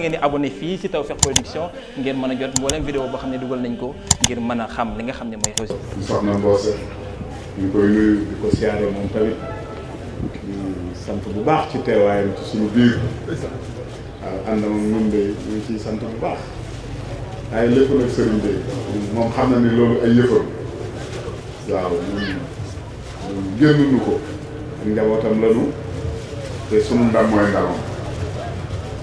ngeen di abone fii ci Tawfekh Production ngeen mën a jot mboolem vidéo boo xam ne dugal nañ ko ngir mën a xam li nga xam ne mooy réussite. soxna Mboose ñu koy nuyu di ko siyaare moom tamit sant bu baax ci teewaayam suñu biir waaw ànd moom sant bu baax waaye lépp nag xam na ni loolu ay yëfam waaw ñun génnuñu ko ak njabootam lanu te sunu ndam mooy ndamam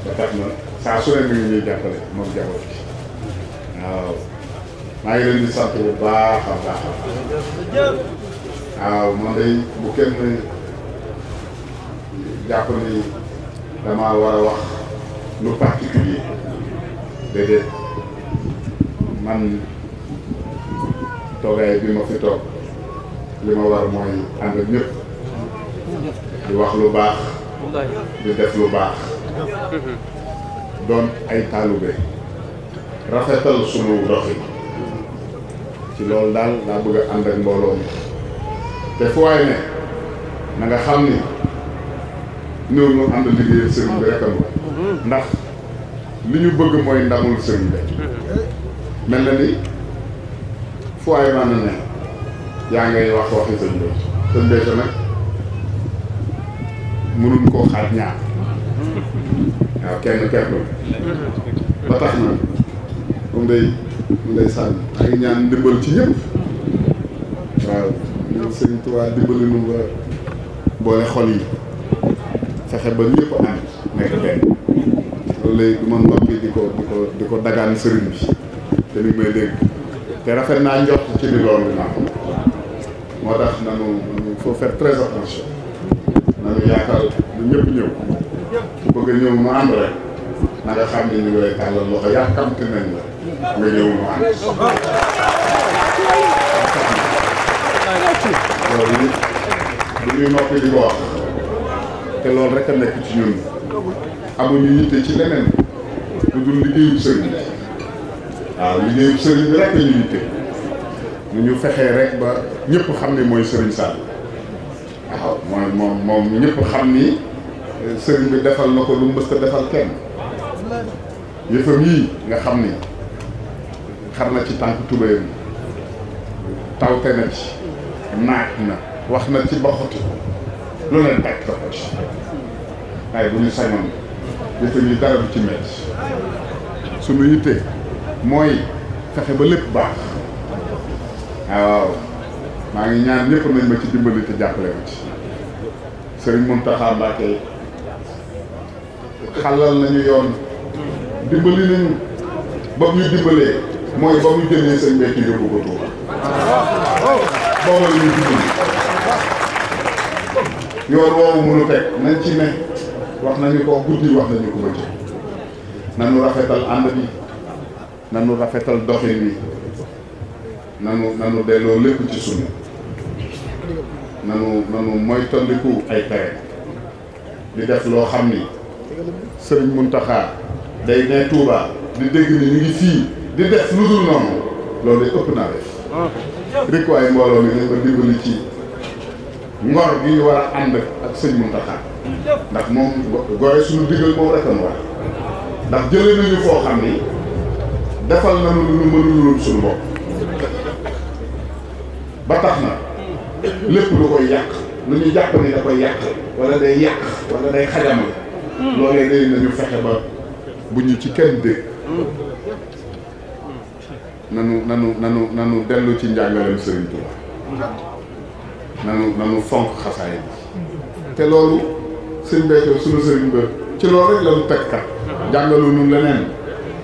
ba tax na. saa su ne mi ngi ñuy jàppale moom jàppal ci waaw maa ngi leen baax a baax a bu kenn jàpp ni damaa war a wax lu particulier déedéet man toogaay bi ma fi toog li ma war mooy ànd ak di wax lu di def lu baax doon ay taalube rafetal sunu doxin ci loolu daal laa bëgg a ànd ak mbooloo mi te fu waay ne na nga xam ni ñëw ñu ànd liggéeyal sëriñ bi rek ndax li ñu bëgg mooy ndamul sëriñ bi mel na ni fu waay man ne yaa ngay wax waxi sëñ bi sëñ bi nag mënuñ koo xaaj ñaar waaw kenn kerlu ba tax na moom day day sànni maa ngi ñaan ndimbal ci ñëpp waaw ñun Sëriñ Tuubaa dimbali nu ba boole xol yi fexe ba ñëpp ànd nekk benn loolu lay du ma noppi di ko di ko di ko dagaan sëriñ bi te ni may dégg te rafet naa njort ci ni loolu dinaa moo tax nanu nanu faut faire très attention nanu yaakaar lu ñëpp ñëw ku bëgg a ñëw mu ànd rek na nga xam ne ñu ngi lay tàllal loxo yàkkamte nañ la nga ñëw mu ànd loolu lu ñuy noppi di ko wax te loolu rek a nekk ci ñun amuñu yitte ci leneen lu dul liggéeyu sëriñ waaw liggéeyu sëriñ rek la ñu yitte ñu ñu fexee rek ba ñëpp xam ne mooy sëriñ Sall waaw moom moom ñëpp xam ni sëriñ bi defal na ko lu mës a defal kenn yëfam yii nga xam ni xar na ci tànk tubéyam tawte na ci naaj na wax na ci ba xoti lu leen daj ko ko ci bu ñu sañoon yëfam yi dara du ci metti suñu yitte mooy fexe ba lépp baax waaw maa ngi ñaan ñëpp nañ ma ci dimbali te jàppale ma ci sëriñ Mountakha Mbacké xalal nañu yoon dimbali nañu ba ñu dimbalee mooy ba mu jëlee seen mbéy ci yóbbu ko Touba booba la dimbali yoon woowu mënu teg nañ ci ne wax nañu ko guddi wax nañu ko bëccëg nanu rafetal ànd bi nanu rafetal doxin bi nanu nanu delloo lépp ci sunu nanu nanu moytandiku ay tere di def loo xam ni sëriñ Muntaxa day ne Touba di dégg ni ñu ngi fii di def lu dul noonu loolu de naa def rek ah. waaye mbooloo mi dañ ko dimbali ci ngor gi ñu war a ànd ak sëriñ Muntaxa ndax moom gore suñu digal moom rek la war ndax jëlee nañu foo xam ni defal nañu lu ñu mënulul suñu bopp ba tax na lépp lu koy yàq lu ñu jàpp ni da koy yàq wala day yàq wala day xajamal loolee léegi nañu fexe ba bu ñu ci kenn dégg nanu nanu nanu nanu dellu ci njàngaleem Serigne Touba nanu nanu fonk xasaay te loolu sëñ Béthio sunu sëriñ ci loolu rek lañu teg kat jàngalu nu leneen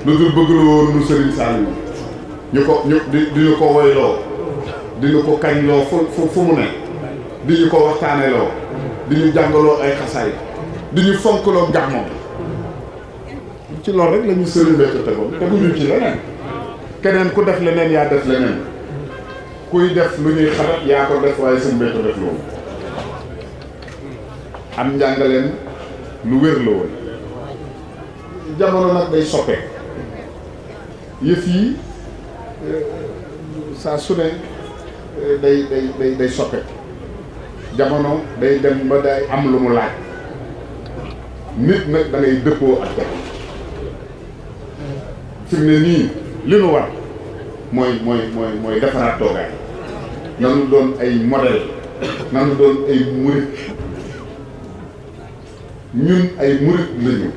lu dul bëgg nu Serigne Saliou ñu ko ñu di ñu ko woyloo di ñu ko kañloo fu fu mu ne di ñu ko waxtaaneloo di ñu jàngaloo ay xasaay di ñu fonkloo gàmmoom ci loolu rek la ñu sëriñ Béthio tegoon teguñu ci leneen keneen ku def leneen yaa def leneen kuy def lu ñuy xarat yaa ko def waaye sëriñ Béthio def loolu am njàngaleen lu wér la woon jamono nag day soppe yëf yi euh, saa su ne euh, day day day day soppe jamono day dem ba day am lu mu laaj nit nag da dëppoo ak jamono fi ne nii li nu war mooy mooy mooy mooy defaraat toogaay nanu doon ay modèle nanu doon ay murit ñun ay murit lañu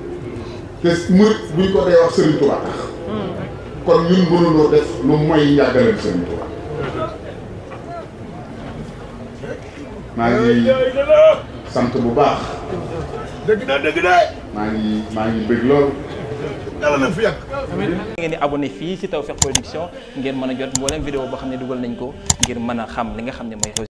te murit buñ ko dee wax Serigne Touba kon ñun mënuloo def lu mooy yàggaleen Serigne Touba maa sant bu baax dëgg na dëgg na. maa ngi maa ngi bëgg lool. yàlla na fi yàgg. ngeen di abonné fii ci Tawfekh Production ngeen mën a jot mboolem vidéo boo xam ne dugal nañ ko ngir mën a xam li nga xam ne mooy.